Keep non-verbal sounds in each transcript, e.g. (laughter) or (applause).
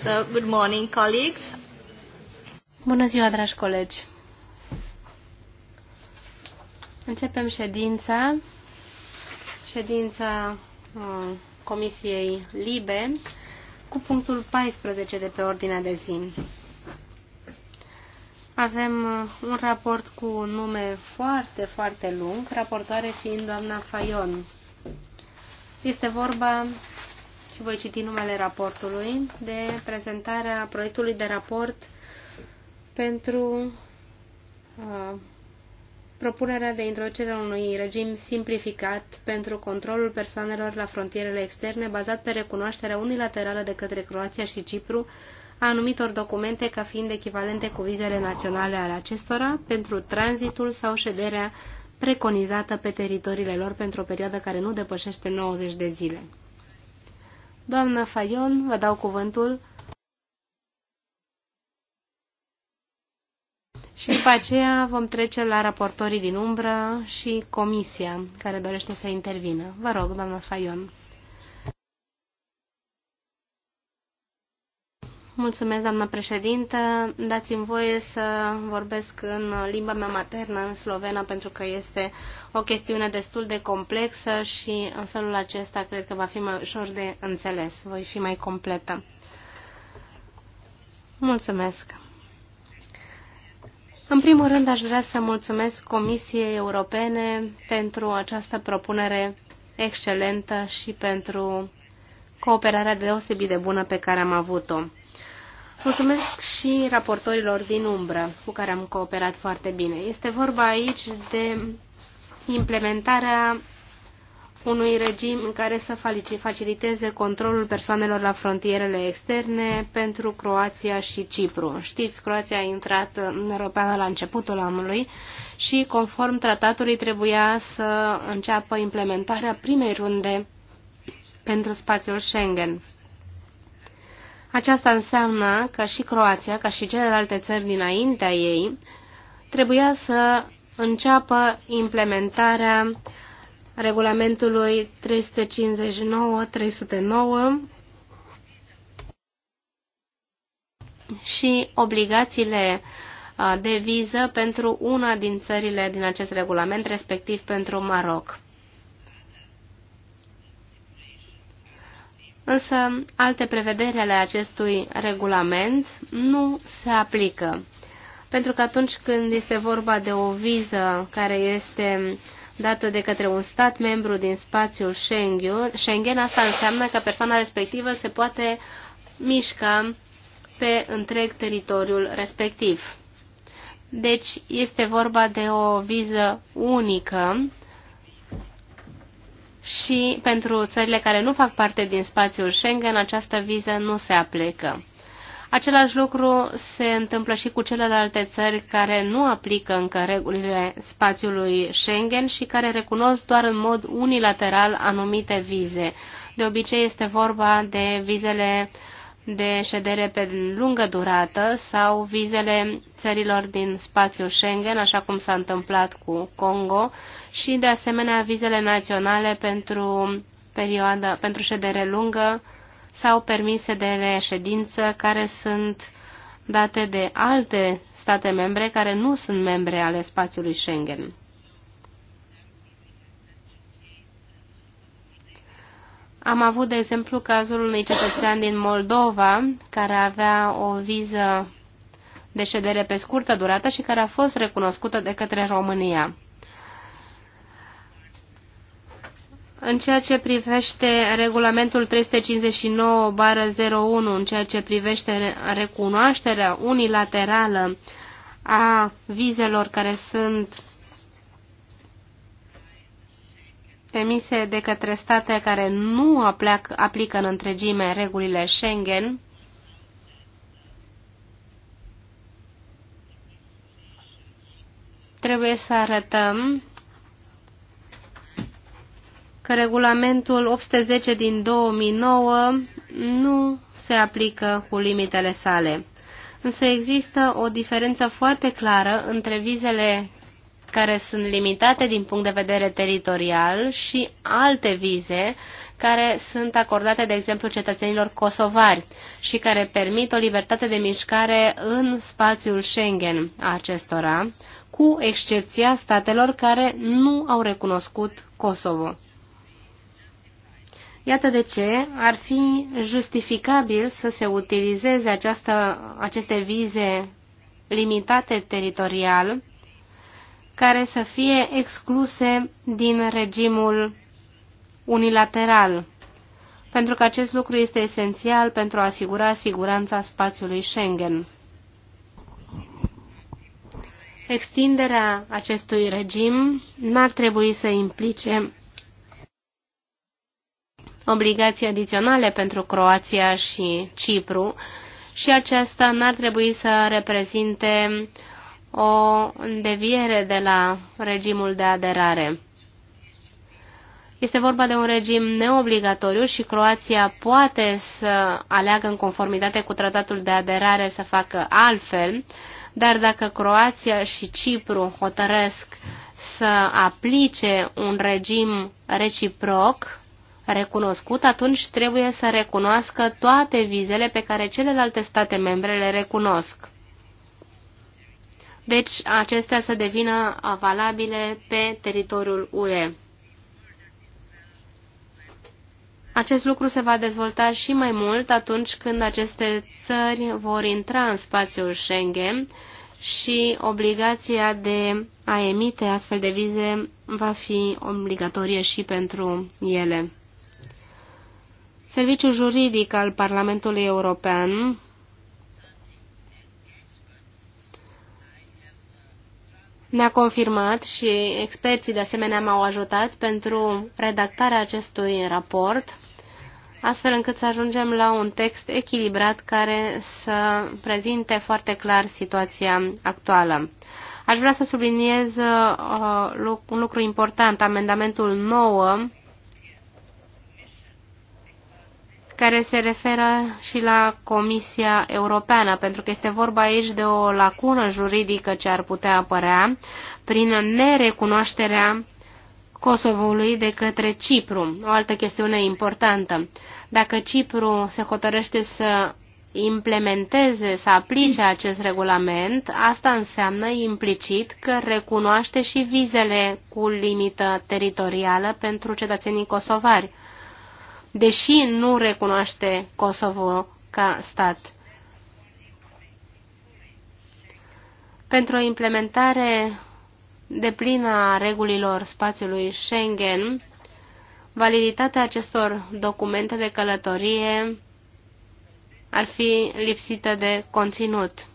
So, good morning, colleagues. Bună ziua, dragi colegi. Începem ședința, ședința uh, Comisiei Libe, cu punctul 14 de pe ordinea de zi. Avem uh, un raport cu un nume foarte, foarte lung, raportoare fiind doamna Fayon. Este vorba, și voi citi numele raportului, de prezentarea proiectului de raport pentru uh, propunerea de introducere a unui regim simplificat pentru controlul persoanelor la frontierele externe, bazat pe recunoașterea unilaterală de către Croația și Cipru a anumitor documente ca fiind echivalente cu vizele naționale ale acestora pentru tranzitul sau șederea preconizată pe teritoriile lor pentru o perioadă care nu depășește 90 de zile. Doamna Fayon, vă dau cuvântul. Și după aceea vom trece la raportorii din umbră și comisia care dorește să intervină. Vă rog, doamna Fayon. Mulțumesc, doamnă președintă. Dați-mi voie să vorbesc în limba mea maternă, în slovena, pentru că este o chestiune destul de complexă și în felul acesta cred că va fi mai ușor de înțeles. Voi fi mai completă. Mulțumesc. În primul rând, aș vrea să mulțumesc Comisiei Europene pentru această propunere excelentă și pentru cooperarea deosebit de bună pe care am avut-o. Mulțumesc și raportorilor din umbră, cu care am cooperat foarte bine. Este vorba aici de implementarea unui regim în care să faciliteze controlul persoanelor la frontierele externe pentru Croația și Cipru. Știți, Croația a intrat în Europeană la începutul anului și, conform tratatului, trebuia să înceapă implementarea primei runde pentru spațiul Schengen. Aceasta înseamnă că și Croația, ca și celelalte țări dinaintea ei, trebuia să înceapă implementarea regulamentului 359-309 și obligațiile uh, de viză pentru una din țările din acest regulament, respectiv pentru Maroc. însă alte prevederi ale acestui regulament nu se aplică. Pentru că atunci când este vorba de o viză care este dată de către un stat membru din spațiul Schengen, Schengen asta înseamnă că persoana respectivă se poate mișca pe întreg teritoriul respectiv. Deci este vorba de o viză unică și pentru țările care nu fac parte din spațiul Schengen, această viză nu se aplică. Același lucru se întâmplă și cu celelalte țări care nu aplică încă regulile spațiului Schengen și care recunosc doar în mod unilateral anumite vize. De obicei este vorba de vizele uh, de ședere pe lungă durată sau vizele țărilor din spațiul Schengen, așa cum s-a întâmplat cu Congo, și de asemenea vizele naționale pentru, perioada, pentru ședere lungă sau permise de reședință care sunt date de alte state membre care nu sunt membre ale spațiului Schengen. Am avut, de exemplu, cazul unui cetățean din Moldova care avea o viză de ședere pe scurtă durată și care a fost recunoscută de către România. În ceea ce privește regulamentul 359-01, în ceea ce privește recunoașterea unilaterală a vizelor care sunt emise de către state care nu aplică în întregime regulile Schengen, trebuie să arătăm că regulamentul 810 din 2009 nu se aplică cu limitele sale. Însă există o diferență foarte clară între vizele care sunt limitate din punct de vedere teritorial și alte vize care sunt acordate, de exemplu, cetățenilor kosovari și care permit o libertate de mișcare în spațiul Schengen a acestora, cu excepția statelor care nu au recunoscut Kosovo. Iată de ce ar fi justificabil să se utilizeze această, aceste vize limitate teritorial care să fie excluse din regimul unilateral, pentru că acest lucru este esențial pentru a asigura siguranța spațiului Schengen. Extinderea acestui regim n-ar trebui să implice obligații adiționale pentru Croația și Cipru și aceasta n-ar trebui să reprezinte o deviere de la regimul de aderare. Este vorba de un regim neobligatoriu și Croația poate să aleagă în conformitate cu tratatul de aderare să facă altfel, dar dacă Croația și Cipru hotărăsc să aplice un regim reciproc, recunoscut, atunci trebuie să recunoască toate vizele pe care celelalte state membre le recunosc deci acestea să devină valabile pe teritoriul UE. Acest lucru se va dezvolta și mai mult atunci când aceste țări vor intra în spațiul Schengen și obligația de a emite astfel de vize va fi obligatorie și pentru ele. Serviciul juridic al Parlamentului European ne-a confirmat și experții de asemenea m-au ajutat pentru redactarea acestui raport, astfel încât să ajungem la un text echilibrat care să prezinte foarte clar situația actuală. Aș vrea să subliniez uh, un lucru important, amendamentul 9 care se referă și la Comisia Europeană, pentru că este vorba aici de o lacună juridică ce ar putea apărea prin nerecunoașterea Kosovului de către Cipru. O altă chestiune importantă. Dacă Cipru se hotărăște să implementeze, să aplice acest regulament, asta înseamnă implicit că recunoaște și vizele cu limită teritorială pentru cetățenii kosovari deși nu recunoaște Kosovo ca stat. Pentru o implementare plină a regulilor spațiului Schengen, validitatea acestor documente de călătorie ar fi lipsită de conținut.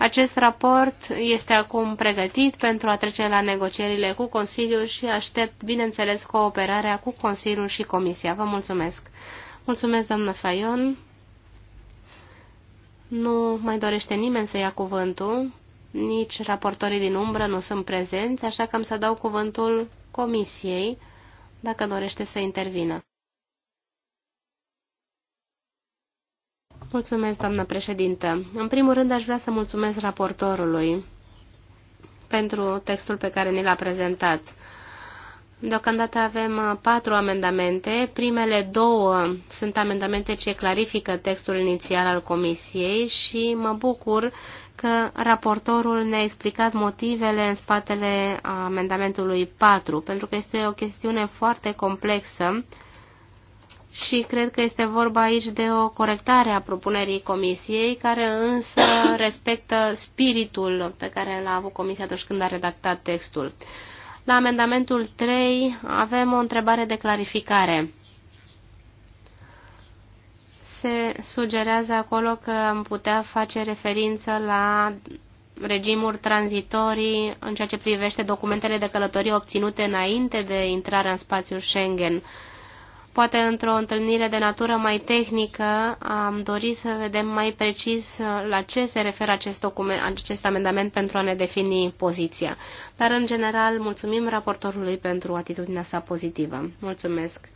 Acest raport este acum pregătit pentru a trece la negocierile cu Consiliul și aștept, bineînțeles, cooperarea cu Consiliul și Comisia. Vă mulțumesc! Mulțumesc, doamnă Fayon! Nu mai dorește nimeni să ia cuvântul, nici raportorii din umbră nu sunt prezenți, așa că am să dau cuvântul Comisiei, dacă dorește să intervină. Mulțumesc, doamnă președintă. În primul rând, aș vrea să mulțumesc raportorului pentru textul pe care ni l-a prezentat. Deocamdată avem uh, patru amendamente. Primele două sunt amendamente ce clarifică textul inițial al Comisiei și mă bucur că raportorul ne-a explicat motivele în spatele uh, amendamentului 4, pentru că este o chestiune foarte complexă și cred că este vorba aici de o corectare a propunerii comisiei, care însă respectă spiritul pe care l-a avut comisia atunci când a redactat textul. La amendamentul 3 avem o întrebare de clarificare. Se sugerează acolo că am putea face referință la regimuri tranzitorii în ceea ce privește documentele de călătorie obținute înainte de intrarea în spațiul Schengen. Uh, Poate într-o întâlnire de natură mai tehnică am dorit să vedem mai precis uh, la ce se referă acest, document, acest amendament pentru a ne defini poziția. Dar, în general, mulțumim raportorului pentru atitudinea sa pozitivă. Mulțumesc!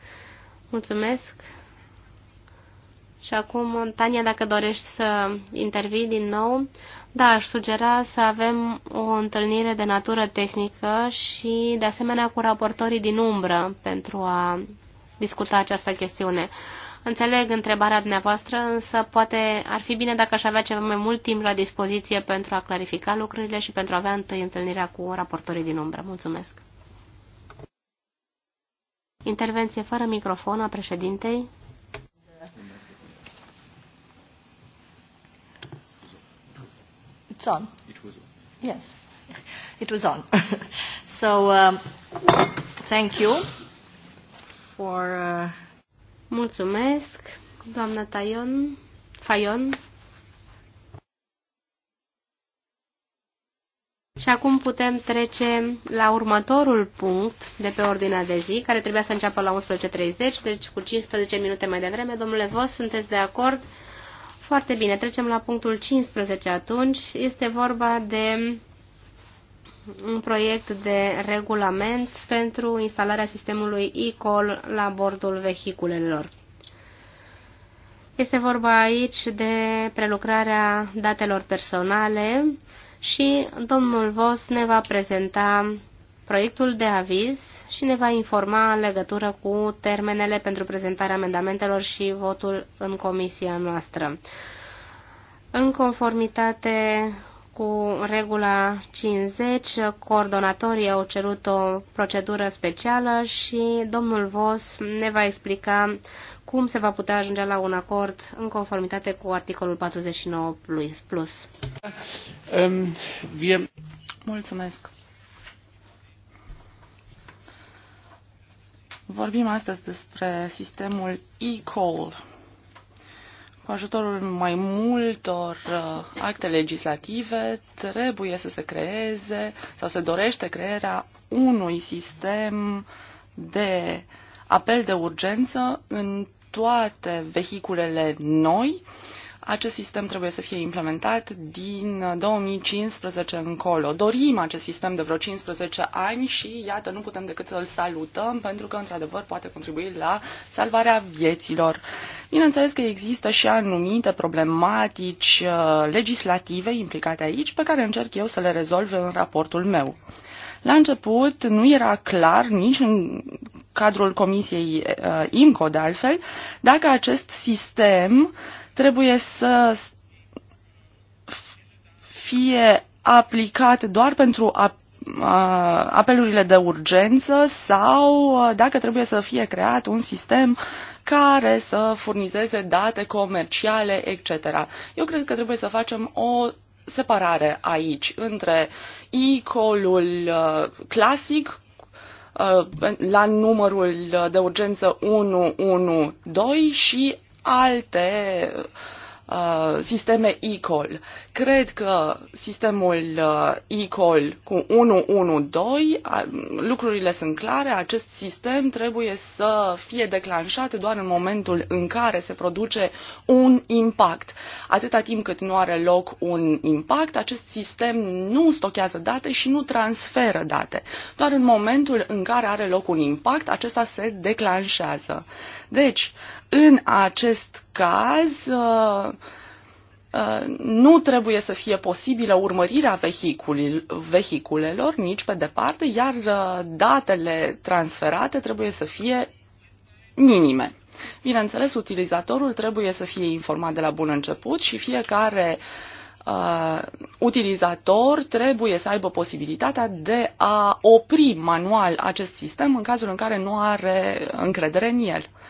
Mulțumesc! Și acum, Tania, dacă dorești să intervii din nou, da, aș sugera să avem o întâlnire de natură tehnică și, de asemenea, cu raportorii din umbră pentru a discuta această chestiune. Înțeleg întrebarea dumneavoastră, însă poate ar fi bine dacă aș avea ceva mai mult timp la dispoziție pentru a clarifica lucrurile și pentru a avea întâi întâlnirea cu raportorii din umbră. Mulțumesc. Intervenție fără microfon a președintei. It's on. It was on. Yes. It was on. (laughs) so, um, thank you for... Uh... Mulțumesc, doamna Tayon, Fayon. Și acum putem trece la următorul punct de pe ordinea de zi, care trebuia să înceapă la 11.30, deci cu 15 minute mai devreme. Domnule Vos, sunteți de acord? Foarte bine, trecem la punctul 15 atunci. Este vorba de un proiect de regulament pentru instalarea sistemului e-call la bordul vehiculelor. Este vorba aici de prelucrarea datelor personale și domnul Vos ne va prezenta proiectul de aviz și ne va informa în legătură cu termenele pentru prezentarea amendamentelor și votul în comisia noastră. În conformitate cu regula 50, coordonatorii au cerut o procedură specială și domnul Vos ne va explica cum se va putea ajunge la un acord în conformitate cu articolul 49 plus. Mulțumesc. Vorbim astăzi despre sistemul e-call cu ajutorul mai multor uh, acte legislative trebuie să se creeze sau se dorește crearea unui sistem de apel de urgență în toate vehiculele noi uh, acest sistem trebuie să fie implementat din 2015 încolo. Dorim acest sistem de vreo 15 ani și, iată, nu putem decât să-l salutăm pentru că, într-adevăr, poate contribui la salvarea vieților. Bineînțeles că există și anumite problematici uh, legislative implicate aici, pe care încerc eu să le rezolv în raportul meu. La început nu era clar nici în cadrul Comisiei uh, IMCO, de altfel, dacă acest sistem trebuie să fie aplicat doar pentru a apelurile de urgență sau dacă trebuie să fie creat un sistem care să furnizeze date comerciale, etc. Eu cred că trebuie să facem o separare aici între e-call-ul uh, clasic uh, la numărul de urgență 112 și alte uh, sisteme e-call. Cred că sistemul uh, e-call cu 112, uh, lucrurile sunt clare, acest sistem trebuie să fie declanșat doar în momentul în care se produce un impact. Atâta timp cât nu are loc un impact, acest sistem nu stochează date și nu transferă date. Doar în momentul în care are loc un impact, acesta se declanșează. Deci, în acest caz uh, uh, nu trebuie să fie posibilă urmărirea vehiculelor nici pe departe, iar uh, datele transferate trebuie să fie minime. Bineînțeles, utilizatorul trebuie să fie informat de la bun început și fiecare uh, utilizator trebuie să aibă posibilitatea de a opri manual acest sistem în cazul în care nu are încredere în el. Uh,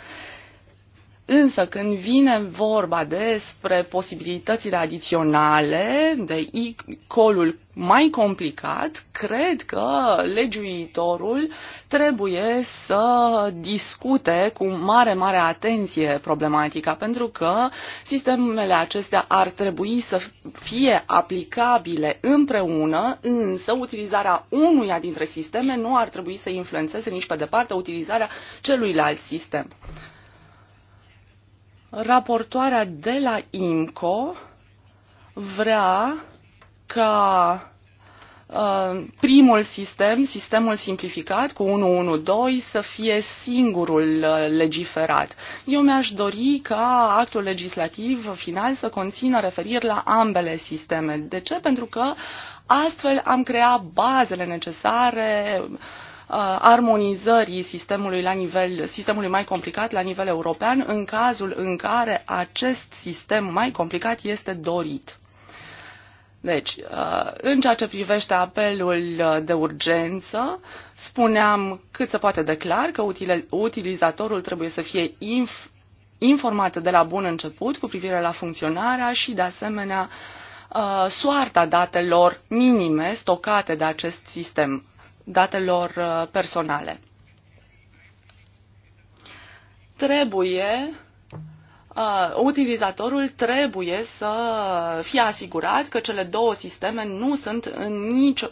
Însă când vine vorba despre posibilitățile adiționale, de colul mai complicat, cred că legiuitorul trebuie să discute cu mare, mare atenție problematica, pentru că sistemele acestea ar trebui să fie aplicabile împreună, însă utilizarea unuia dintre sisteme nu ar trebui să influențeze nici pe departe utilizarea celuilalt sistem raportoarea de la IMCO vrea ca uh, primul sistem, sistemul simplificat cu 112, să fie singurul uh, legiferat. Eu mi-aș dori ca actul legislativ final să conțină referiri la ambele sisteme. De ce? Pentru că astfel am creat bazele necesare uh, Uh, armonizării sistemului la nivel, sistemului mai complicat la nivel european în cazul în care acest sistem mai complicat este dorit. Deci, uh, în ceea ce privește apelul de urgență, spuneam cât se poate de clar că utilizatorul trebuie să fie inf- informat de la bun început cu privire la funcționarea și, de asemenea, uh, soarta datelor minime stocate de acest sistem datelor uh, personale. Trebuie uh, utilizatorul trebuie să fie asigurat că cele două sisteme nu sunt în nicio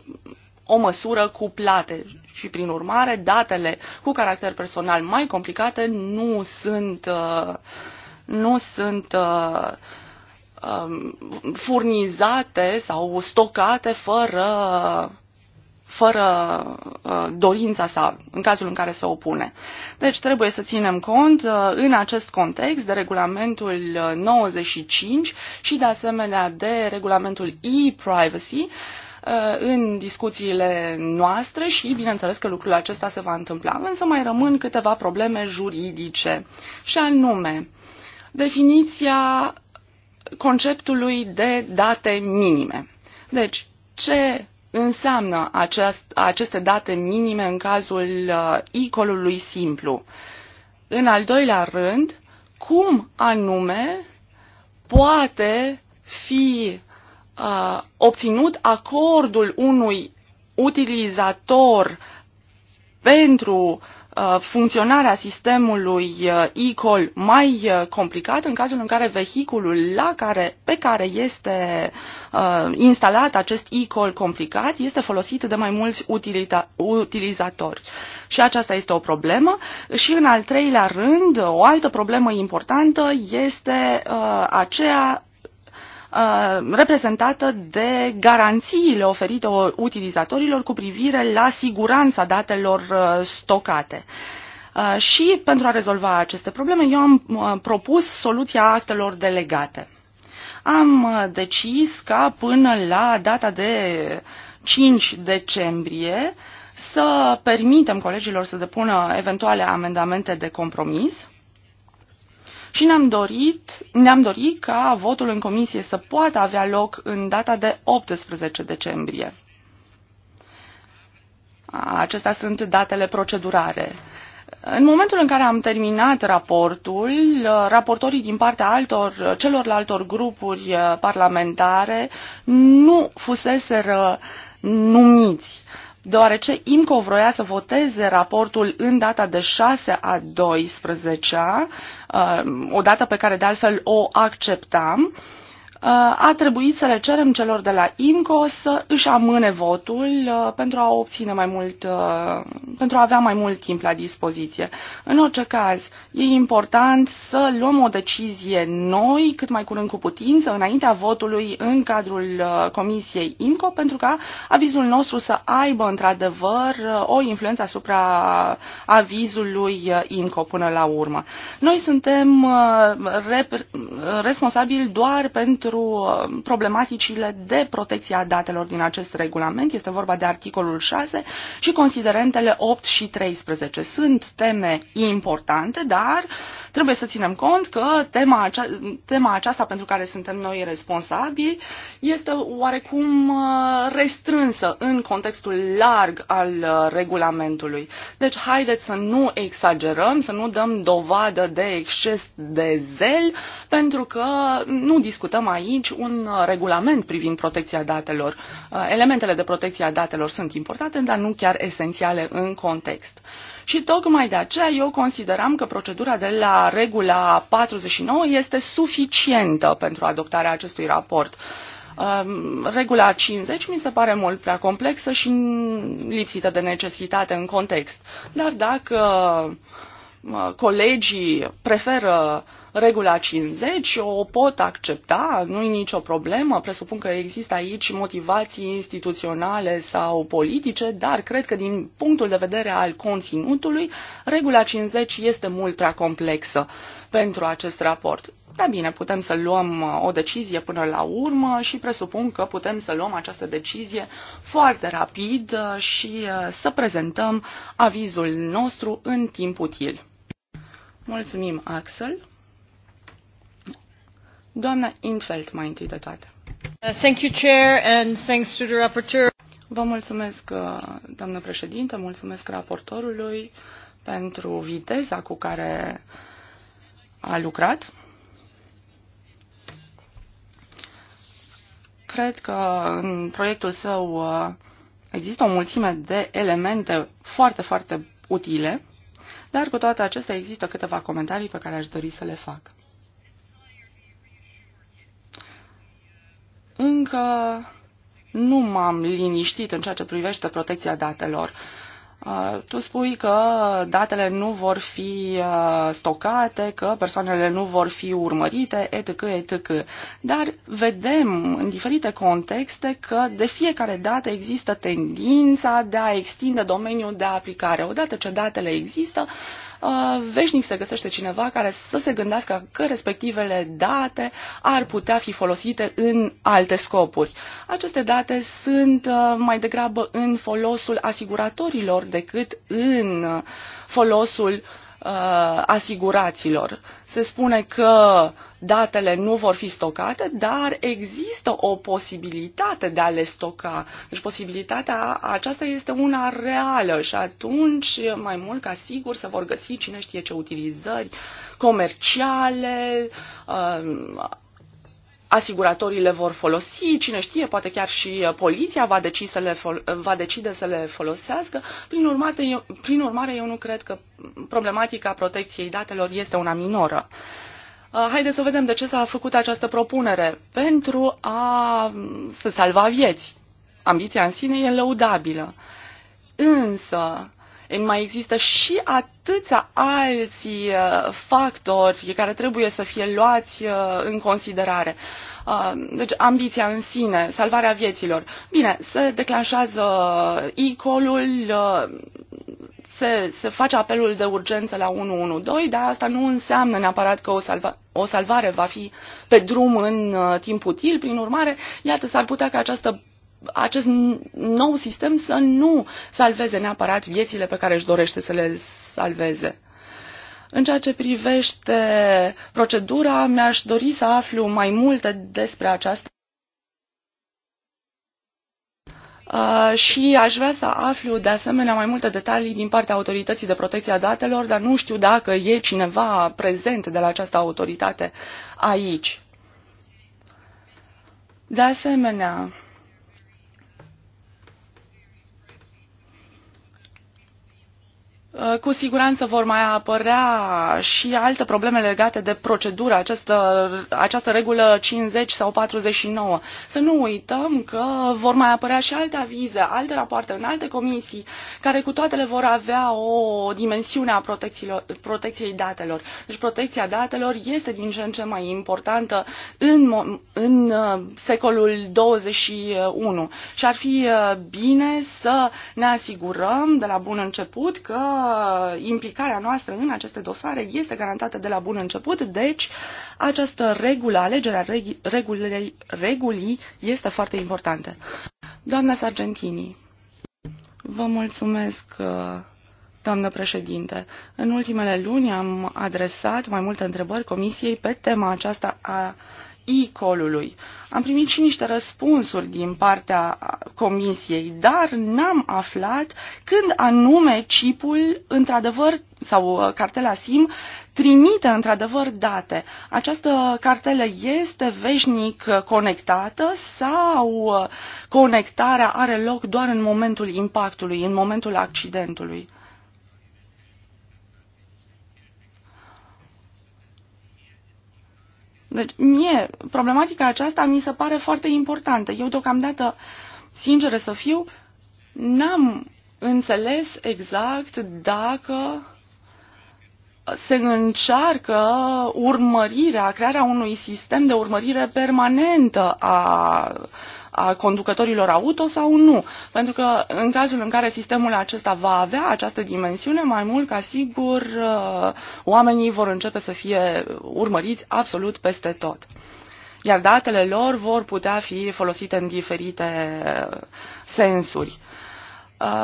o măsură cuplate și, prin urmare, datele cu caracter personal mai complicate nu sunt, uh, nu sunt uh, um, furnizate sau stocate fără fără uh, dorința sa, în cazul în care se opune. Deci trebuie să ținem cont uh, în acest context de regulamentul 95 uh, și de asemenea de regulamentul e-privacy, în discuțiile noastre și bineînțeles că lucrul acesta se va întâmpla, însă mai rămân câteva probleme juridice și anume definiția conceptului de date minime. Deci, ce înseamnă aceast, aceste date minime în cazul uh, icolului simplu. În al doilea rând, cum anume poate fi uh, obținut acordul unui utilizator pentru uh, Uh, funcționarea sistemului uh, e-call mai uh, complicat în cazul în care vehiculul la care, pe care este uh, instalat acest e-call complicat este folosit de mai mulți utilita- utilizatori. Și aceasta este o problemă. Și în al treilea rând, o altă problemă importantă este uh, aceea Uh, reprezentată de garanțiile oferite utilizatorilor cu privire la siguranța datelor uh, stocate. Uh, și pentru a rezolva aceste probleme, eu am propus soluția actelor delegate. Am decis ca până la data de 5 decembrie să permitem colegilor să depună eventuale amendamente de compromis și ne-am dorit, ne-am dorit ca votul în comisie să poată avea loc în data de 18 decembrie. Acestea sunt datele procedurare. În momentul în care am terminat raportul, raportorii din partea altor, celorlaltor grupuri parlamentare nu fuseseră numiți deoarece IMCO vroia să voteze raportul în data de 6 a 12-a, o dată pe care de altfel o acceptam, a trebuit să le cerem celor de la IMCO să își amâne votul uh, pentru a obține mai mult, uh, pentru a avea mai mult timp la dispoziție. În orice caz, e important să luăm o decizie noi, cât mai curând cu putință, înaintea votului în cadrul uh, Comisiei IMCO, pentru ca avizul nostru să aibă într-adevăr o influență asupra avizului IMCO până la urmă. Noi suntem responsabili doar pentru pentru um, problematicile de protecție a datelor din acest regulament. Este vorba de articolul 6 și considerentele 8 și 13. Sunt teme importante, dar trebuie să ținem cont că tema, acea, tema aceasta pentru care suntem noi responsabili este oarecum uh, restrânsă în contextul larg al uh, regulamentului. Deci haideți să nu exagerăm, să nu dăm dovadă de exces de zel, pentru că nu discutăm aici aici un uh, regulament privind protecția datelor. Uh, elementele de protecție a datelor sunt importante, dar nu chiar esențiale în context. Și tocmai de aceea eu consideram că procedura de la regula 49 este suficientă pentru adoptarea acestui raport. Um, regula 50 mi se pare mult prea complexă și lipsită de necesitate în context. Dar dacă colegii preferă regula 50, o pot accepta, nu-i nicio problemă, presupun că există aici motivații instituționale sau politice, dar cred că din punctul de vedere al conținutului, regula 50 este mult prea complexă pentru acest raport. Da bine, putem să luăm uh, o decizie până la urmă și presupun că putem să luăm această decizie foarte rapid uh, și uh, să prezentăm avizul nostru în timp util. Mulțumim, Axel. Doamna Infeld, mai întâi de toate. Uh, thank you, Chair, and thanks to the rapporteur. Vă mulțumesc, uh, doamnă președinte, mulțumesc raportorului pentru viteza cu care a lucrat. Cred că în proiectul său uh, există o mulțime de elemente foarte, foarte utile dar cu toate acestea există câteva comentarii pe care aș dori să le fac. Încă nu m-am liniștit în ceea ce privește protecția datelor. Uh, Uh, tu spui că datele nu vor fi uh, stocate, că persoanele nu vor fi urmărite, etc., etc. Dar vedem în diferite contexte că de fiecare dată există tendința de a extinde domeniul de aplicare. Odată ce datele există, Uh, veșnic se găsește cineva care să se gândească că respectivele date ar putea fi folosite în alte scopuri. Aceste date sunt uh, mai degrabă în folosul asiguratorilor decât în folosul uh, asiguraților. Se spune că datele nu vor fi stocate, dar există o posibilitate de a le stoca. Deci posibilitatea aceasta este una reală și atunci, mai mult ca sigur, se vor găsi cine știe ce utilizări comerciale, uh, asiguratorii le vor folosi, cine știe, poate chiar și uh, poliția va, decide să le, uh, va decide să le folosească. Prin, urmare, eu, prin urmare, eu nu cred că problematica protecției datelor este una minoră. Uh, haideți să vedem de ce s-a făcut această propunere. Pentru a mm, să salva vieți. Ambiția în sine e lăudabilă. Însă, mai există și atâția alți uh, factori care trebuie să fie luați uh, în considerare. Uh, deci ambiția în sine, salvarea vieților. Bine, se declanșează e-call-ul, se, se face apelul de urgență la 112, dar asta nu înseamnă neapărat că o, salva, o salvare va fi pe drum în timp util. Prin urmare, iată, s-ar putea ca această acest nou sistem să nu salveze neapărat viețile pe care își dorește să le salveze. În ceea ce privește procedura, mi-aș dori să aflu mai multe despre această Uh, și aș vrea să aflu de asemenea mai multe detalii din partea autorității de protecție a datelor, dar nu știu dacă e cineva prezent de la această autoritate aici. De asemenea, Uh, cu siguranță vor mai apărea și alte probleme legate de procedură, această, această regulă 50 sau 49. Să nu uităm că vor mai apărea și alte avize, alte rapoarte în alte comisii, care cu toate le vor avea o dimensiune a protecției datelor. Deci protecția datelor este din ce în ce mai importantă în, în uh, secolul 21 și ar fi uh, bine să ne asigurăm de la bun început că implicarea noastră în aceste dosare este garantată de la bun început, deci această regulă, alegerea regulii, regulii este foarte importantă. Doamna Sargentini, vă mulțumesc. Uh, doamnă președinte, în ultimele luni am adresat mai multe întrebări Comisiei pe tema aceasta a colului. Am primit și niște răspunsuri din partea comisiei, dar n-am aflat când anume chipul, într-adevăr, sau uh, cartela SIM, trimite într-adevăr date. Această cartelă este veșnic uh, conectată sau uh, conectarea are loc doar în momentul impactului, în momentul accidentului? Deci, mie, problematica aceasta mi se pare foarte importantă. Eu, deocamdată, sinceră să fiu, n-am înțeles exact dacă se încearcă urmărirea, crearea unui sistem de urmărire permanentă a a conducătorilor auto sau nu. Pentru că în cazul în care sistemul acesta va avea această dimensiune, mai mult ca sigur uh, oamenii vor începe să fie urmăriți absolut peste tot. Iar datele lor vor putea fi folosite în diferite uh, sensuri.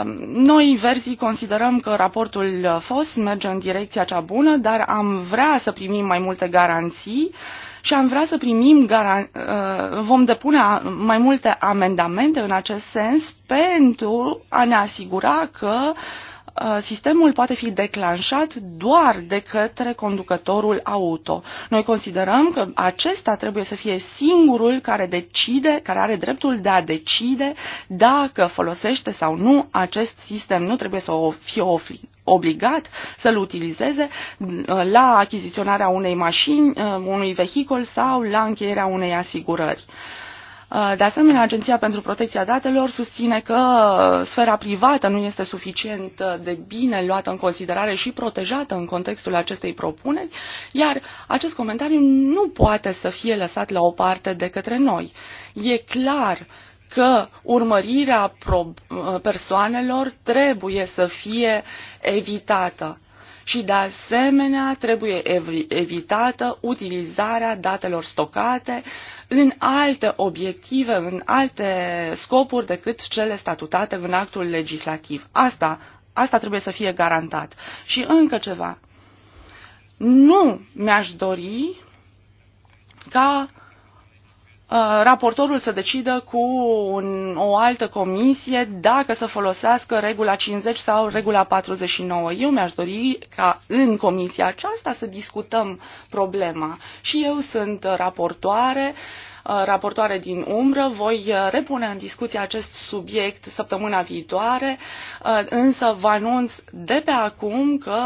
Um, noi, verzii, considerăm că raportul FOS merge în direcția cea bună, dar am vrea să primim mai multe garanții uh, și am vrea să primim, uh, vom depune mai multe amendamente în acest sens pentru a ne asigura că uh, sistemul poate fi declanșat doar de către conducătorul auto. Noi considerăm că acesta trebuie să fie singurul care decide, care are dreptul de a decide dacă folosește sau nu acest sistem. Nu trebuie să o fie obligat să-l utilizeze uh, la achiziționarea unei mașini, uh, unui vehicul sau la încheierea unei asigurări. Uh, de asemenea, Agenția pentru Protecția Datelor susține că sfera privată nu este suficient de bine luată în considerare și protejată în contextul acestei propuneri, iar acest comentariu nu poate să fie lăsat la o parte de către noi. E clar uh, că urmărirea persoanelor trebuie să fie evitată și de asemenea trebuie evitată utilizarea datelor stocate în alte obiective, în alte scopuri decât cele statutate în actul legislativ. Asta, asta trebuie să fie garantat. Și încă ceva. Nu mi-aș dori ca uh, Uh, raportorul să decidă cu un, o altă comisie dacă să folosească regula 50 sau regula 49. Eu mi-aș dori ca în comisia aceasta să discutăm problema. Și eu sunt raportoare, Uh, raportoare din umbră. Voi uh, repune în discuție acest subiect săptămâna viitoare, uh, însă vă anunț de pe acum că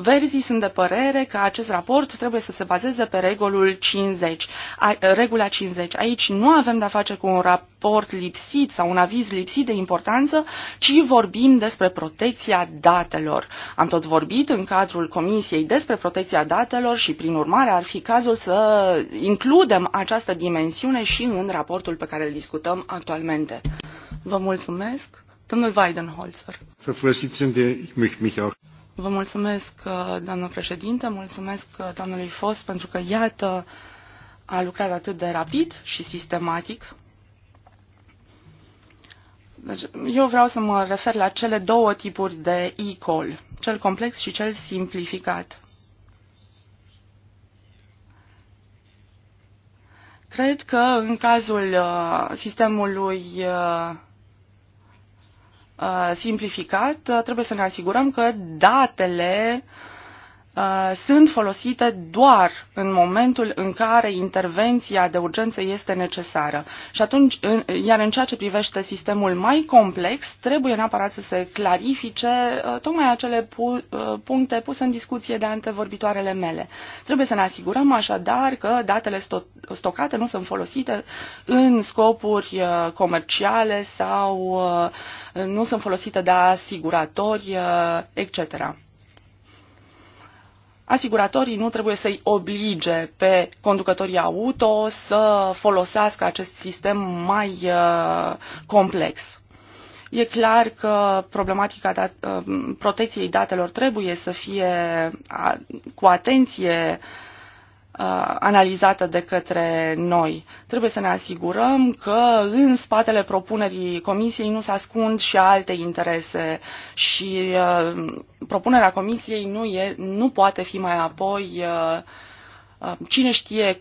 verzii sunt de părere că acest raport trebuie să se bazeze pe regulul 50, regula 50. Aici nu avem de-a face cu un raport lipsit sau un aviz lipsit de importanță, ci vorbim despre protecția datelor. Am tot vorbit în cadrul Comisiei despre protecția datelor și, prin urmare, ar fi cazul să includem această această dimensiune și în raportul pe care îl discutăm actualmente. Vă mulțumesc. Domnul Weidenholzer. Vă mulțumesc, uh, doamnă președinte, mulțumesc uh, domnului Fos pentru că, iată, a lucrat atât de rapid și sistematic. Deci, eu vreau să mă refer la cele două tipuri de e-call, cel complex și cel simplificat. Cred că în cazul uh, sistemului uh, uh, simplificat trebuie să ne asigurăm că datele uh, Uh, sunt folosite doar în momentul în care intervenția de urgență este necesară. Și atunci, iar în ceea ce privește sistemul mai complex, trebuie neapărat să se clarifice uh, tocmai acele pu uh, puncte puse în discuție de antevorbitoarele mele. Trebuie să ne asigurăm așadar că datele sto stocate nu sunt folosite în scopuri comerciale sau nu sunt folosite de asiguratori, etc asiguratorii nu trebuie să-i oblige pe conducătorii auto să folosească acest sistem mai uh, complex. E clar că problematica dat, uh, protecției datelor trebuie să fie cu atenție uh, Uh, analizată de către noi. Trebuie să ne asigurăm că în spatele propunerii Comisiei nu se ascund și alte interese și uh, propunerea Comisiei nu, e, nu poate fi mai apoi uh, cine știe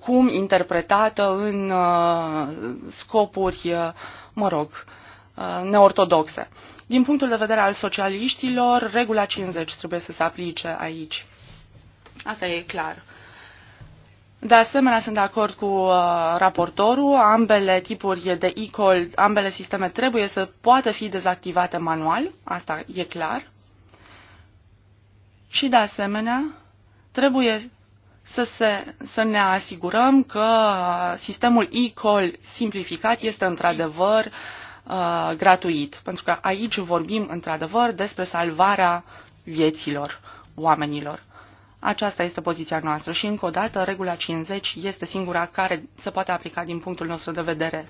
cum interpretată în scopuri, mă rog, neortodoxe. Din punctul de vedere al socialiștilor, regula 50 trebuie să se aplice aici. Asta e clar. De asemenea, sunt de acord cu uh, raportorul. Ambele tipuri de e ambele sisteme trebuie să poată fi dezactivate manual. Asta e clar. Și de asemenea, trebuie să, se, să ne asigurăm că sistemul e-call simplificat este într-adevăr uh, gratuit, pentru că aici vorbim într-adevăr despre salvarea vieților oamenilor. Aceasta este poziția noastră și, încă o dată, regula 50 este singura care se poate aplica din punctul nostru de vedere.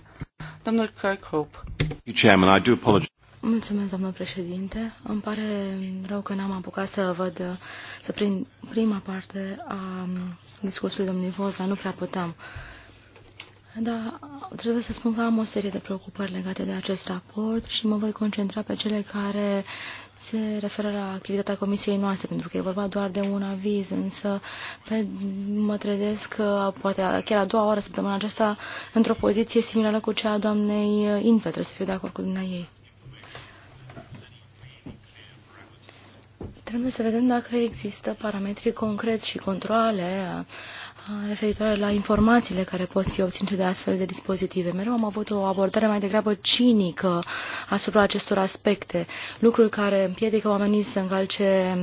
Domnul Kirkhope. Chairman, I do Mulțumesc, domnul președinte. Îmi pare rău că n-am apucat să văd să prin prima parte a discursului domnului Vos, dar nu prea puteam. Uh, da, trebuie să spun că am o serie de preocupări legate de acest raport și mă voi concentra pe cele care se referă la activitatea comisiei noastre, pentru că e vorba doar de un aviz, însă pe, mă trezesc, poate chiar a doua oară săptămâna aceasta, într-o poziție similară cu cea a doamnei Infe, trebuie să fiu de acord cu dumneavoastră ei. Trebuie să vedem dacă există parametri concreți și controle referitoare la informațiile care pot fi obținute de astfel de dispozitive. Mereu am avut o abordare mai degrabă cinică asupra acestor aspecte, lucruri care împiedică oamenii să încalce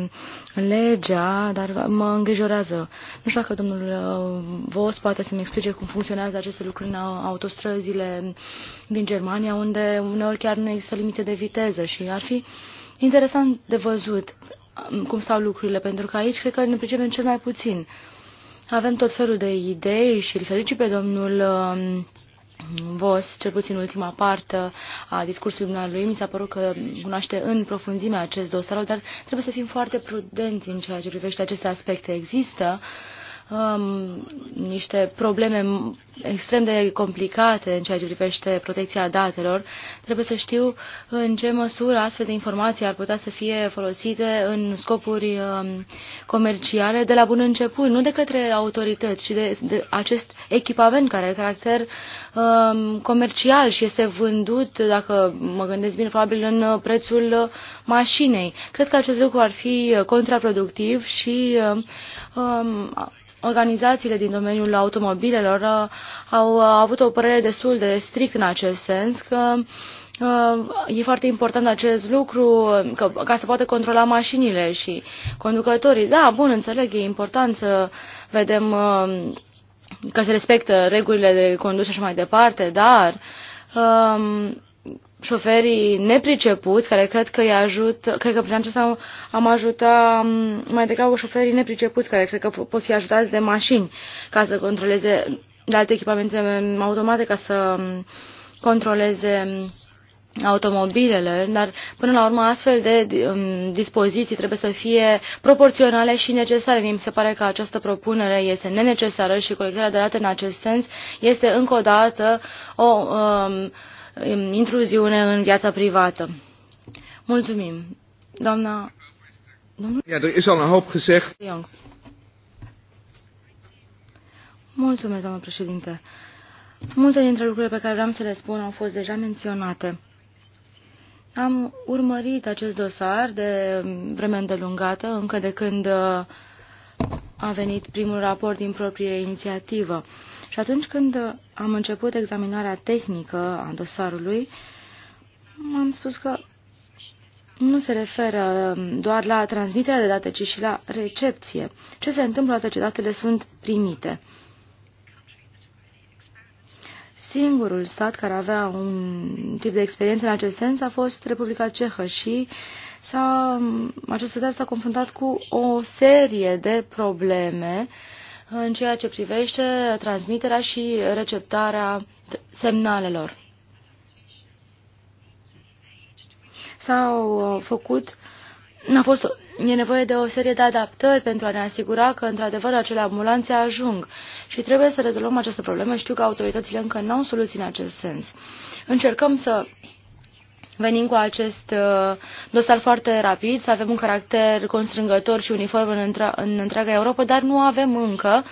legea, dar mă îngrijorează. Nu știu dacă domnul uh, Vos poate să-mi explice cum funcționează aceste lucruri în autostrăzile din Germania, unde uneori chiar nu există limite de viteză și ar fi interesant de văzut um, cum stau lucrurile, pentru că aici cred că ne pricepem cel mai puțin. Avem tot felul de idei și îl felicit pe domnul um, Vos, cel puțin ultima parte a discursului dumneavoastră. mi s-a părut că cunoaște în profunzime acest dosar, dar trebuie să fim foarte prudenți în ceea ce privește aceste aspecte. Există uh, um, niște probleme extrem de complicate în ceea ce privește protecția datelor, trebuie să știu în ce măsură astfel de informații ar putea să fie folosite în scopuri um, comerciale de la bun început, nu de către autorități, ci de, de acest echipament care are caracter um, comercial și este vândut, dacă mă gândesc bine, probabil în prețul mașinei. Cred că acest lucru ar fi contraproductiv și um, um organizațiile din domeniul automobilelor uh, au uh, avut o părere destul de strict în acest sens că uh, e foarte important acest lucru că, ca să poată controla mașinile și conducătorii. Da, bun, înțeleg, e important să vedem că se respectă regulile de condus și așa mai departe, dar um, șoferii nepricepuți, care cred că îi ajut, cred că prin aceasta am ajutat mai degrabă șoferii nepricepuți, care cred că pot fi ajutați de mașini ca să controleze, de alte echipamente automate ca să controleze automobilele, dar până la urmă astfel de um, dispoziții trebuie să fie proporționale și necesare. Mi se pare că această propunere este nenecesară și colectarea de date în acest sens este încă o dată o um, intruziune în viața privată. Mulțumim. Doamna... Ja, er is al een hoop gezegd. Mulțumesc, doamnă președinte. Multe dintre lucrurile pe care vreau să le spun au fost deja menționate. Am urmărit acest dosar de vreme îndelungată, încă de când uh, a venit primul raport din proprie inițiativă. Și atunci când am început examinarea tehnică a dosarului, am spus că nu se referă doar la transmiterea de date, ci și la recepție. Ce se întâmplă atunci ce datele sunt primite? Singurul stat care avea un tip de experiență în acest sens a fost Republica Cehă și s acest stat s-a confruntat cu o serie de probleme uh, în ceea ce privește transmiterea și receptarea semnalelor. S-au uh, făcut, a fost, e nevoie de o serie de adaptări pentru a ne asigura că, într-adevăr, acele ambulanțe ajung și trebuie să rezolvăm această problemă. Știu că autoritățile încă nu au soluții în acest sens. Încercăm să venim cu acest uh, dosar foarte rapid, să avem un caracter constrângător și uniform în, între, în întreaga Europa, dar nu avem încă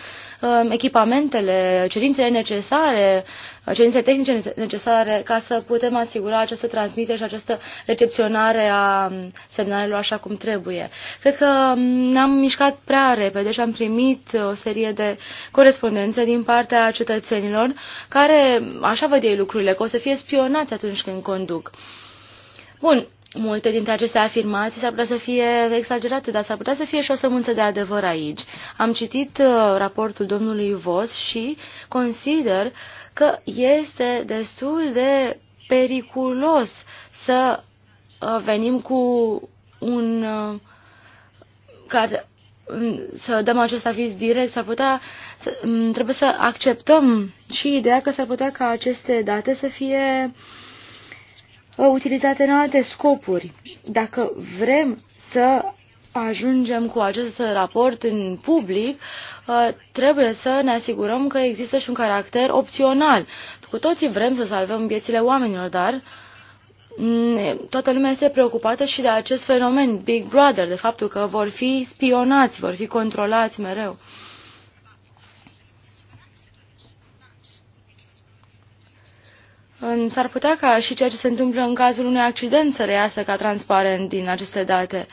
uh, echipamentele, cerințele necesare, uh, cerințele tehnice necesare ca să putem asigura această transmitere și această recepționare a um, semnalelor așa cum trebuie. Cred că um, ne-am mișcat prea repede și am primit o serie de corespondențe din partea cetățenilor care, așa văd ei lucrurile, că o să fie spionați atunci când conduc. Bun, multe dintre aceste afirmații s-ar putea să fie exagerate, dar s-ar putea să fie și o sămânță de adevăr aici. Am citit uh, raportul domnului Vos și consider că este destul de periculos să uh, venim cu un uh, care să dăm acest aviz direct, s-ar putea, să, mm, trebuie să acceptăm și ideea că s-ar putea ca aceste date să fie uh, Uh, utilizate în alte scopuri. Dacă vrem să ajungem cu acest raport în public, uh, trebuie să ne asigurăm că există și un caracter opțional. Cu toții vrem să salvăm viețile oamenilor, dar mm, toată lumea este preocupată și de acest fenomen, Big Brother, de faptul că vor fi spionați, vor fi controlați mereu. S-ar putea ca și ceea ce se întâmplă în cazul unui accident să reiasă ca transparent din aceste date.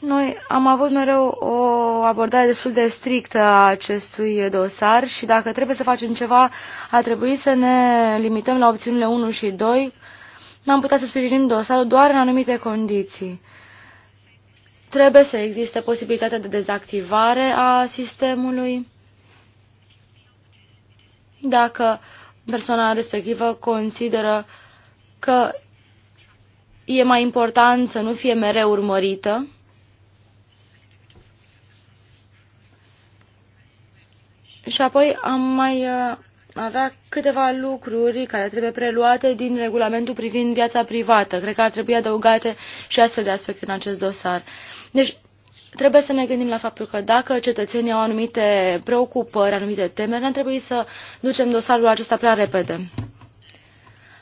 Noi am avut mereu o abordare destul de strictă a acestui dosar și dacă trebuie să facem ceva, a trebuit să ne limităm la opțiunile 1 și 2. N-am putea să sprijinim dosarul doar în anumite condiții. Trebuie să existe posibilitatea de dezactivare a sistemului dacă persoana respectivă consideră că e mai important să nu fie mereu urmărită, Și apoi am mai uh, avea câteva lucruri care trebuie preluate din regulamentul privind viața privată. Cred că ar trebui adăugate și astfel de aspecte în acest dosar. Deci, trebuie să ne gândim la faptul că dacă cetățenii au anumite preocupări, anumite temeri, ne ar trebui să ducem dosarul acesta prea repede.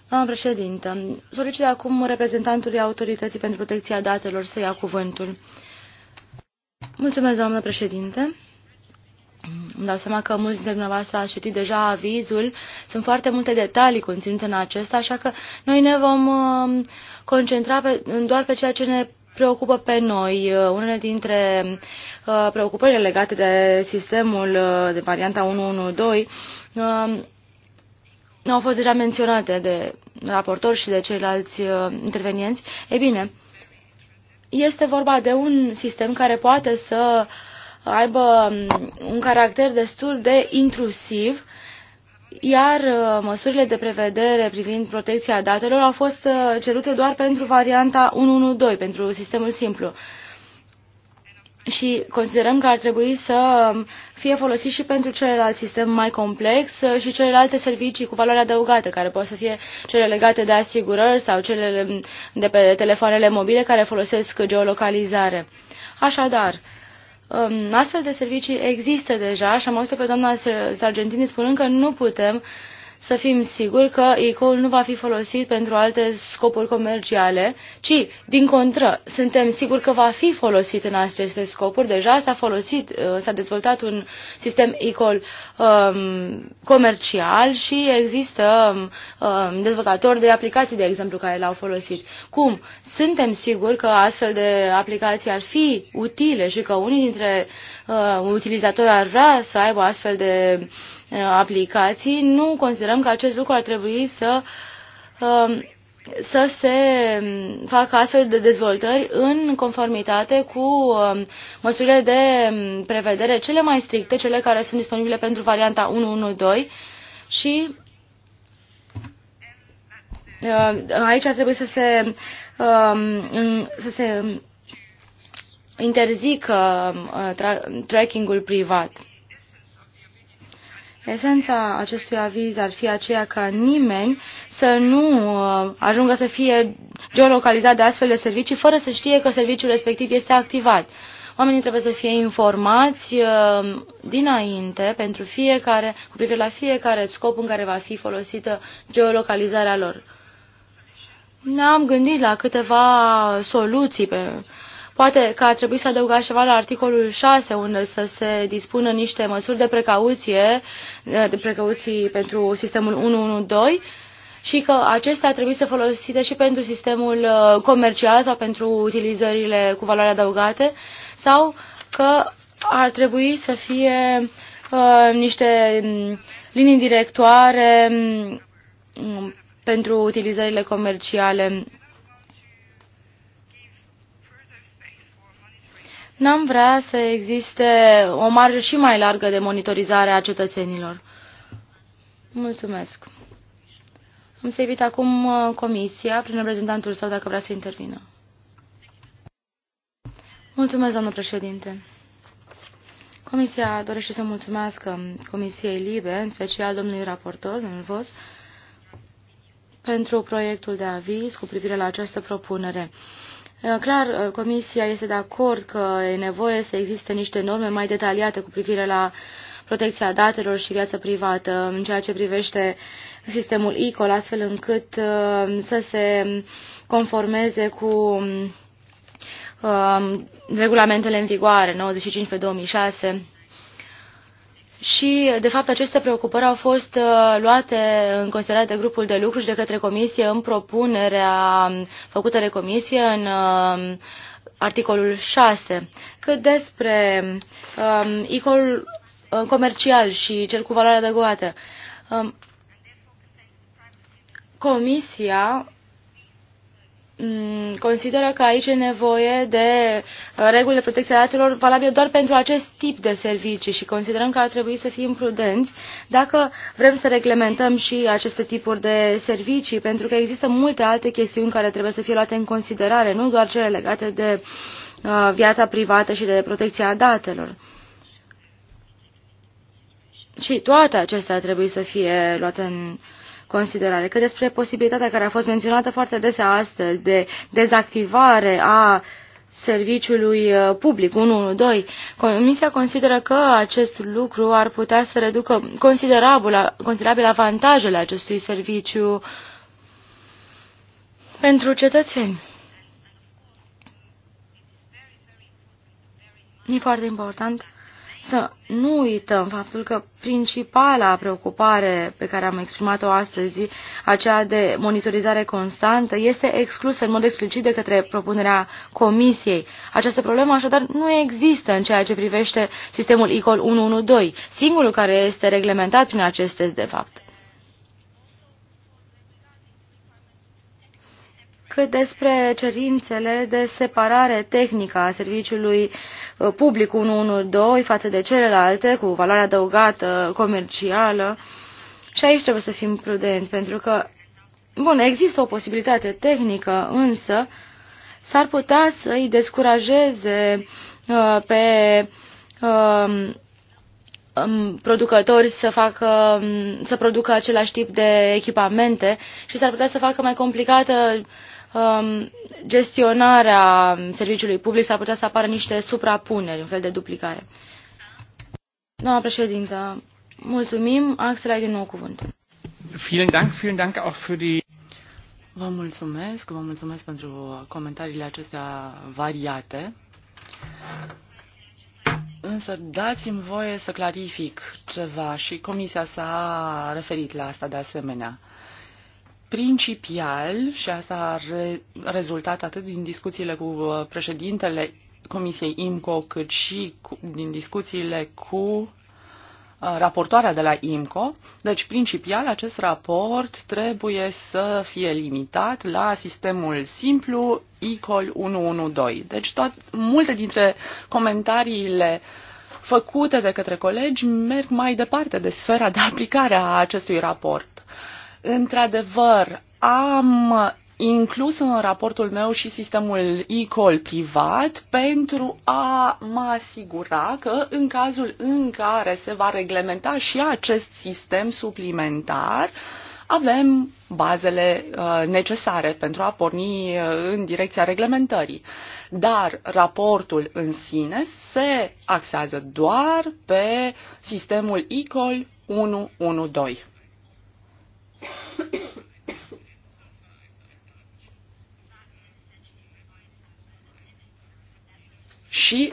Doamna președintă, solicit acum reprezentantului Autorității pentru Protecția Datelor să ia cuvântul. Mulțumesc, doamnă președinte. Îmi dau seama că mulți dintre dumneavoastră ați citit deja avizul. Sunt foarte multe detalii conținute în acesta, așa că noi ne vom uh, concentra pe, doar pe ceea ce ne preocupă pe noi. Uh, unele dintre uh, preocupările legate de sistemul uh, de varianta 112 au fost deja menționate de raportor și de ceilalți intervenienți. E bine, este vorba de un sistem care poate să aibă um, un caracter destul de intrusiv iar uh, măsurile de prevedere privind protecția datelor au fost uh, cerute doar pentru varianta 112, pentru sistemul simplu. Și considerăm că ar trebui să um, fie folosit și pentru celălalt sistem mai complex uh, și celelalte servicii cu valoare adăugată, care pot să fie cele legate de asigurări sau cele um, de pe telefoanele mobile care folosesc geolocalizare. Așadar, Um, astfel de servicii există deja și am auzit pe doamna Sargentini spunând că nu putem să fim siguri că ecall nu va fi folosit pentru alte scopuri comerciale, ci, din contră, suntem siguri că va fi folosit în aceste scopuri. Deja s-a folosit, uh, s-a dezvoltat un sistem ecall um, comercial și există um, um, dezvoltatori de aplicații, de exemplu, care l-au folosit. Cum? Suntem siguri că astfel de aplicații ar fi utile și că unii dintre uh, utilizatori ar vrea să aibă astfel de uh, Uh, aplicații, nu considerăm că acest lucru ar trebui să, um, să se um, facă astfel de dezvoltări în conformitate cu um, măsurile de prevedere cele mai stricte, cele care sunt disponibile pentru varianta 112 și uh, aici ar trebui să se, să se interzică uh, trackingul privat. Esența acestui aviz ar fi aceea că nimeni să nu uh, ajungă să fie geolocalizat de astfel de servicii fără să știe că serviciul respectiv este activat. Oamenii trebuie să fie informați uh, dinainte pentru fiecare, cu privire la fiecare scop în care va fi folosită geolocalizarea lor. Ne-am gândit la câteva soluții pe Poate că ar trebui să adăugați ceva la articolul 6, unde să se dispună niște măsuri de precauție, de precauții pentru sistemul 112, și că acestea ar trebui să folosite și pentru sistemul uh, comercial sau pentru utilizările cu valoare adăugate sau că ar trebui să fie uh, niște mm, linii directoare um, pentru utilizările comerciale n-am vrea să existe o marjă și mai largă de monitorizare a cetățenilor. Mulțumesc. Am să evit acum uh, comisia prin reprezentantul său dacă vrea să intervină. Mulțumesc, doamnă președinte. Comisia dorește să mulțumească Comisiei Libe, în special domnului raportor, domnul Vos, pentru proiectul de aviz cu privire la această propunere. Uh, clar, uh, Comisia este de acord că e nevoie să existe niște norme mai detaliate cu privire la protecția datelor și viața privată în ceea ce privește sistemul ICOL, astfel încât uh, să se conformeze cu um, um, regulamentele în vigoare, 95 pe 2006, și, de fapt, aceste preocupări au fost uh, luate în considerare de grupul de lucru și de către comisie în propunerea făcută de comisie în uh, articolul 6, cât despre um, icol uh, comercial și cel cu valoare adăugată. Um, comisia Mm, consideră că aici e nevoie de uh, reguli de protecție a datelor valabile doar pentru acest tip de servicii și considerăm că ar trebui să fim prudenți dacă vrem să reglementăm și aceste tipuri de servicii, pentru că există multe alte chestiuni care trebuie să fie luate în considerare, nu doar cele legate de uh, viața privată și de protecția datelor. Și toate acestea trebuie să fie luate în considerare considerare. Că despre posibilitatea care a fost menționată foarte des astăzi de dezactivare a serviciului uh, public 112, Comisia consideră că acest lucru ar putea să reducă considerabil, considerabil avantajele acestui serviciu pentru cetățeni. E foarte important să nu uităm faptul că principala preocupare pe care am exprimat-o astăzi, aceea de monitorizare constantă, este exclusă în mod explicit de către propunerea Comisiei. Această problemă așadar nu există în ceea ce privește sistemul ICOL 112, singurul care este reglementat prin aceste de fapt. cât despre cerințele de separare tehnică a serviciului uh, public 112 față de celelalte cu valoare adăugată comercială. Și aici trebuie să fim prudenți, pentru că, bun, există o posibilitate tehnică, însă s-ar putea să îi descurajeze uh, pe uh, Um, producători să, facă, um, să producă același tip de echipamente și s-ar putea să facă mai complicată um, gestionarea serviciului public, s-ar putea să apară niște suprapuneri, un fel de duplicare. Doamna președintă, mulțumim. Axel, ai din nou cuvântul. Vielen Dank, vielen Dank auch für die... Vă mulțumesc, vă mulțumesc pentru comentariile acestea variate. Însă dați-mi voie să clarific ceva și comisia s-a referit la asta de asemenea. Principial, și asta a re- rezultat atât din discuțiile cu uh, președintele Comisiei IMCO, cât și cu, din discuțiile cu Uh, raportoarea de la IMCO. Deci, principial, acest raport trebuie să fie limitat la sistemul simplu ICOL 112. Deci, tot multe dintre comentariile făcute de către colegi merg mai departe de sfera de aplicare a acestui raport. Într-adevăr, am inclus în raportul meu și sistemul e-call privat pentru a mă asigura că în cazul în care se va reglementa și acest sistem suplimentar, avem bazele uh, necesare pentru a porni uh, în direcția reglementării. Dar raportul în sine se axează doar pe sistemul ICOL 112. Și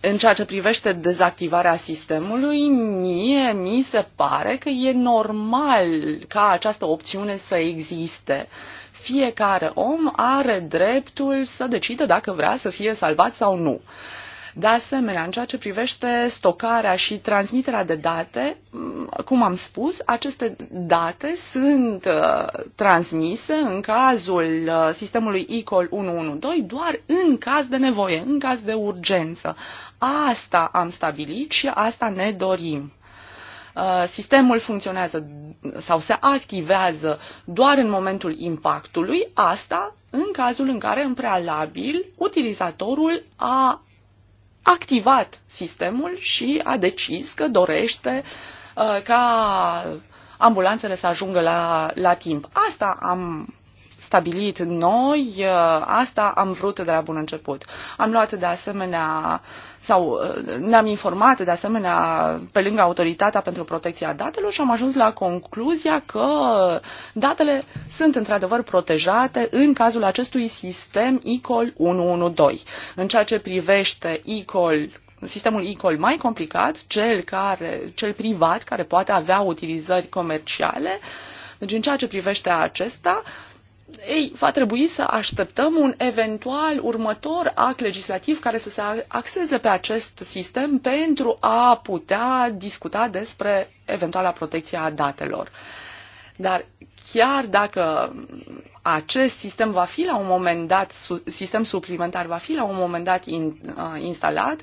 în ceea ce privește dezactivarea sistemului, mie mi se pare că e normal ca această opțiune să existe. Fiecare om are dreptul să decidă dacă vrea să fie salvat sau nu. Uh, de asemenea, în ceea ce privește stocarea și transmiterea de date, mm, cum am spus, aceste date sunt uh, transmise în cazul uh, sistemului ICOL 112 doar în caz de nevoie, în caz de urgență. Asta am stabilit și asta ne dorim uh, sistemul funcționează sau se activează doar în momentul impactului, asta în cazul în care în prealabil utilizatorul a activat sistemul și a decis că dorește uh, ca ambulanțele să ajungă la, la timp. Asta am stabilit noi, uh, asta am vrut de la bun început. Am luat de asemenea sau uh, ne-am informat de asemenea pe lângă autoritatea pentru protecția datelor și am ajuns la concluzia că datele sunt într-adevăr protejate în cazul acestui sistem ICOL 112. În ceea ce privește ICOL sistemul e-call mai complicat, cel, care, cel privat, care poate avea utilizări comerciale. Deci, în ceea ce privește acesta, ei, va trebui să așteptăm un eventual următor act legislativ care să se axeze pe acest sistem pentru a putea discuta despre eventuala protecție a datelor. Uh, dar chiar dacă acest sistem va fi la un moment dat, sistem suplimentar va fi la un moment dat in, uh, instalat,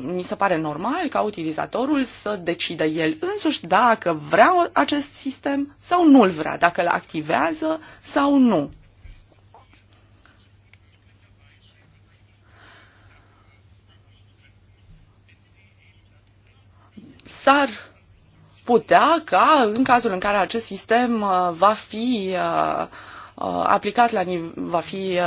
mi se pare normal ca utilizatorul să decidă el însuși dacă vrea acest sistem sau nu îl vrea, dacă îl activează sau nu. S-ar putea ca, în cazul în care acest sistem uh, va fi uh, uh, aplicat la, va fi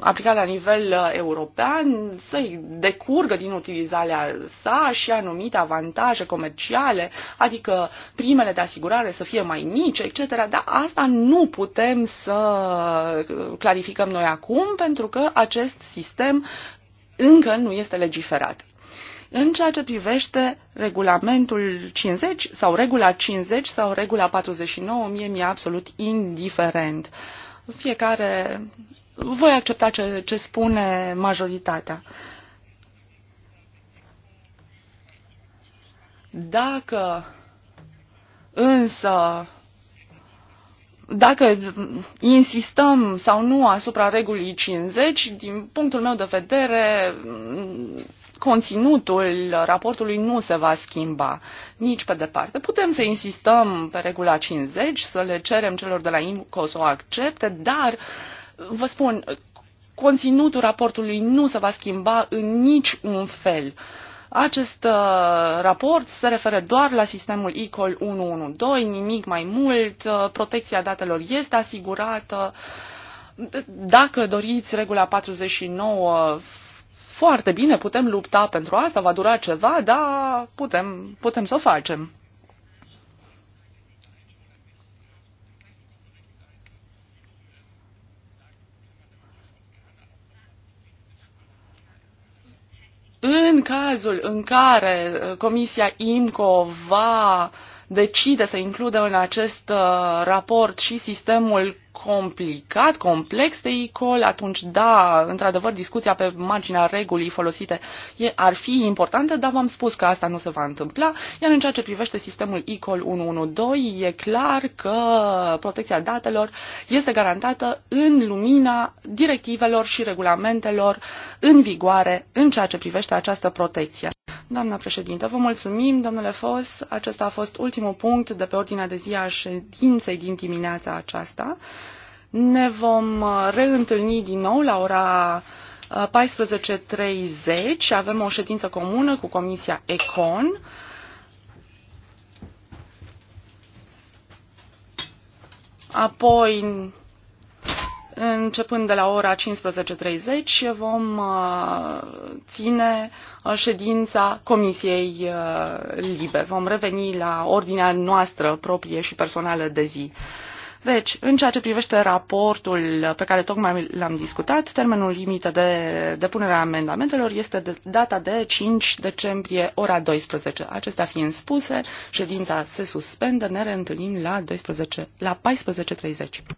aplicat la nivel european, să decurgă din utilizarea sa și anumite avantaje comerciale, adică primele de asigurare să fie mai mici, etc. Dar asta nu putem să clarificăm noi acum, pentru că acest sistem încă nu este legiferat în ceea ce privește regulamentul 50 sau regula 50 sau regula 49, mie mi-e absolut indiferent. Fiecare voi accepta ce, ce spune majoritatea. Dacă însă dacă insistăm sau nu asupra regulii 50, din punctul meu de vedere, conținutul raportului nu se va schimba nici pe departe. Putem să insistăm pe regula 50, să le cerem celor de la IMCO să o accepte, dar vă spun, conținutul raportului nu se va schimba în niciun fel. Acest uh, raport se referă doar la sistemul ICOL 112, nimic mai mult, uh, protecția datelor este asigurată. Dacă doriți regula 49 foarte bine, putem lupta pentru asta, va dura ceva, dar putem, putem să o facem. În cazul în care uh, Comisia IMCO va decide să includă în acest uh, raport și sistemul complicat, complex de ICOL, atunci da, într-adevăr, discuția pe marginea regulii folosite e, ar fi importantă, dar v-am spus că asta nu se va întâmpla. Iar în ceea ce privește sistemul ICOL 112, e clar că protecția datelor este garantată în lumina directivelor și regulamentelor în vigoare în ceea ce privește această protecție. Doamna președinte, vă mulțumim, domnule Fos. Acesta a fost ultimul punct de pe ordinea de zi a ședinței din dimineața aceasta. Ne vom uh, reîntâlni din nou la ora 14.30. Uh, Avem o ședință comună cu Comisia ECON. Apoi, începând de la ora 15.30, vom uh, ține ședința Comisiei Libe. Vom reveni la ordinea noastră proprie și personală de zi. Deci, în ceea ce privește raportul pe care tocmai l-am discutat, termenul limită de depunere a amendamentelor este de data de 5 decembrie, ora 12. Acestea fiind spuse, ședința se suspendă, ne reîntâlnim la, 12, la 14.30.